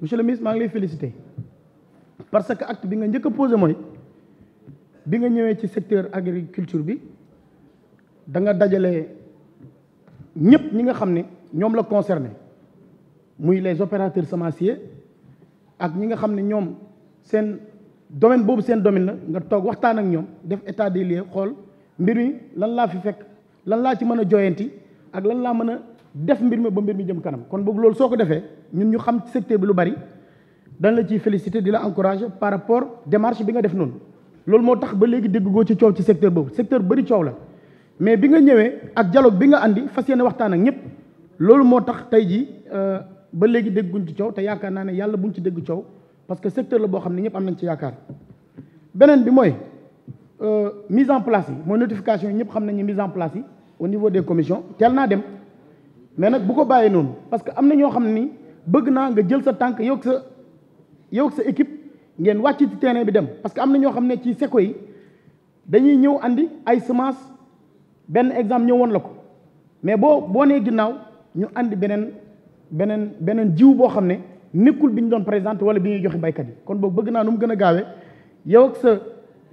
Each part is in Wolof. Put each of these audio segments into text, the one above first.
monsieur le ministre ngi lay félicité parce que acte bi nga njëkk a posé mooy bi nga ñëwee ci secteur agriculture bi da nga dajale ñëpp ñi nga xam ne ñoom la concerné muy les opérateurs semenciers ak ñi nga xam ne ñoom seen domaine boobu seen domaine la nga toog waxtaan ak ñoom def état des lieux xool mbir mi lan laa fi fekk lan laa ci mën a joyanti ak lan laa mën a def mbir mi ba mbir mi jëm kanam kon boobu loolu soo ko defee ñun ñu xam ci secteur bi lu bari dañ la ci félicité di la encouragé par rapport démarche bi nga def noonu loolu moo tax ba léegi dégg goo ci coow ci secteur boobu secteur bëri coow la mais bi nga ñëwee ak dialogue bi nga andi fas yéene waxtaan ak ñëpp loolu moo tax tey jii euh, ba léegi dégguñ ci coow te yaakaar naa ne yàlla buñ ci dégg coow parce que secteur la boo xam ne ñëpp am nañ ci yaakaar beneen bi mooy Euh, mise en place yi mooy notification yi ñëpp xam nañu mise en place yi au niveau des commissions teel naa dem mais nag bu ko bàyyee noonu parce que am na ñoo xam ne ni bëgg naa nga jël sa tànk yow sa yow ak sa équipe ngeen wàcc ci terrain bi dem parce que am na ñoo xam ne ci seko yi dañuy ñëw andi ay semence benn exemple ñëw woon la ko mais boo boo nee ginnaaw ñu andi beneen beneen beneen jiw boo xam ne nekkul bi ñu doon présenté wala bi ñuy joxe baykat yi kon boobu bëgg naa nu mu gën a gaawee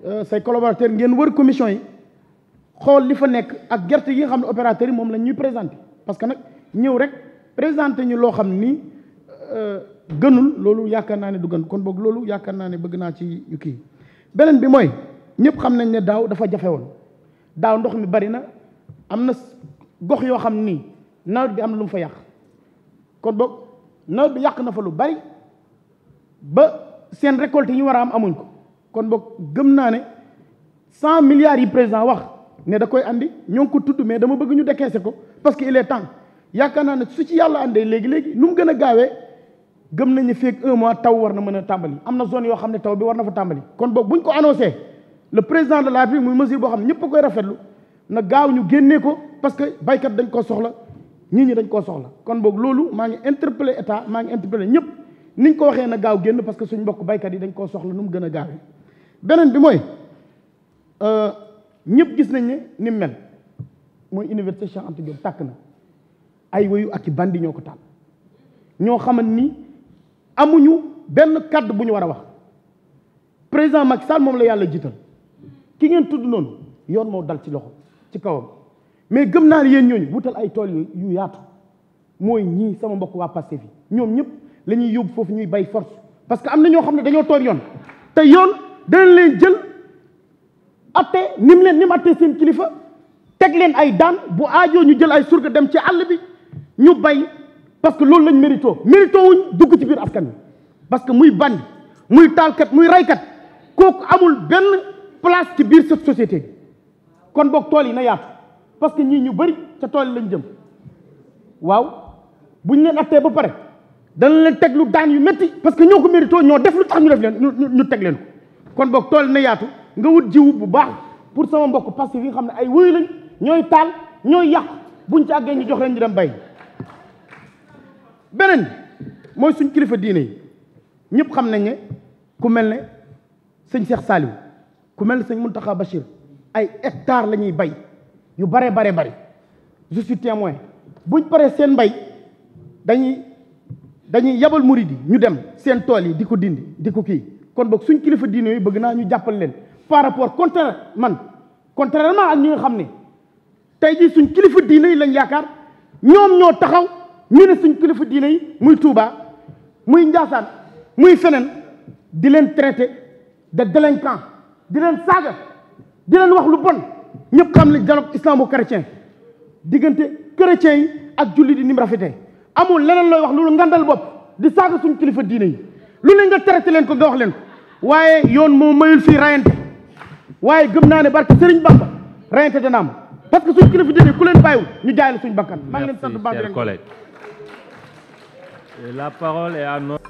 Euh, say collaborateur ngeen wër commission yi xool li fa nekk ak gerte yi xam ne opérateurs yi moom la ñuy présenté parce que nag ñëw rek présenté ñu loo xam ni euh, gënul loolu yaakaar naa ne du gën kon boog loolu yaakaar naa ne bëgg naa ci yu kii beneen bi mooy ñëpp xam nañ ne daaw dafa jafe woon daaw ndox mi bari na am na gox yoo xam nii nawet bi am na lu mu fa yàq kon boog nawet bi yàq na fa lu bari ba seen récolte yi ñu war a am amuñ ko kon boog gëm naa ne cent milliards yi président wax ne da koy andi ñoo ngi ko tudd mais dama bëgg ñu décaissé ko parce que il est temps yaakaar naa ne su ci yàlla àndee léegi léegi nu mu gën a gaawee gëm nañu feeg un mois taw war na mën a tàmbali am na zone yoo xam ne taw bi war na fa tàmbali. kon boog buñ ko annoncé le président de la République muy mesure boo xam ne ñëpp a koy rafetlu na gaaw ñu génnee ko parce que baykat dañ koo soxla nit ñi dañ koo soxla kon boog loolu maa ngi interpellé état maa ngi interpellé ñëpp niñ ko waxee na gaaw génn parce que suñ mbokk yi dañ koo soxla nu mu gën a gaawee. beneen bi mooy euh, ñëpp gis nañ ne ni mel mooy université Cheikh Anta Diop tàkk na ay wayu ak i bandi ñoo ko taal ñoo xaman ni amuñu benn kàdd bu ñu war a wax président mag Sall moom la yàlla jiital ki ngeen tudd noonu yoon moo dal ci loxo ci kawam mais gëm naa ne yéen ñooñu wutal ay tool yu yaatu mooy ñii sama mbokk waa Pastef yi ñoom ñëpp la ñuy yóbbu foofu ñuy bay force parce que am na ñoo xam ne dañoo toog yoon te yoon danañ leen jël atte ni mu leen ni mu atte seen kilifa teg leen ay daan bu aajoo ñu jël ay surga dem ci àll bi ñu bay parce que loolu lañ mérito mérito wuñ dugg ci biir askan wi parce que muy bandi muy taalkat muy raykat kooku amul benn place ci biir cette société kon boog tool yi na yaatu parce que ñii ñu bëri ca tool yi lañu jëm waaw bu buñ leen attee ba pare dana leen teg lu daan yu métti parce que ñoo ko mérito ñoo def lu tax ñu def leen ñu teg leen kon boog tool na yaatu nga wut jiwu bu baax pour sama mbokk Pastef yi nga xam ne ay wuyu lañ ñooy taal ñooy yàq buñ ci àggee ñu jox leen dem bay beneen mooy suñ kilifa diine yi ñëpp xam nañ ne ku mel ne sëñ Cheikh Saliou ku mel ne sëñ Mountakha Bachir ay hectares la ñuy bay yu bare bare bare je suis témoin buñ paree seen mbay dañuy dañuy yabal murid ñu dem seen tool yi di ko dindi di ko kii kon boog suñ kilifa diine yooyu bëgg naa ñu jàppal leen par rapport contraire man contrairement ak ñi xam ne tey jii suñ kilifa diine yi lañ yaakaar ñoom ñoo taxaw ñu ne suñ kilifa diine yi muy Touba muy Ndiassane muy feneen di leen traité de délinquant di leen saaga di leen wax lu bon ñëpp xam ne dialogue islamo-chrétien diggante chrétiens yi ak jullit yi ni mu rafetee amul leneen looy wax loolu ngandal bopp di saaga suñ kilifa diine yi. lu ne nga traité leen ko nga wax leen waaye yoon moo mayul fii rayante waaye gëm naa ne barke Serigne Bamba rayante dana am parce que suñ kilifa diine ku leen bàyyiwul ñu jaay la suñu bakkan maa ngi leen sant baax di leen la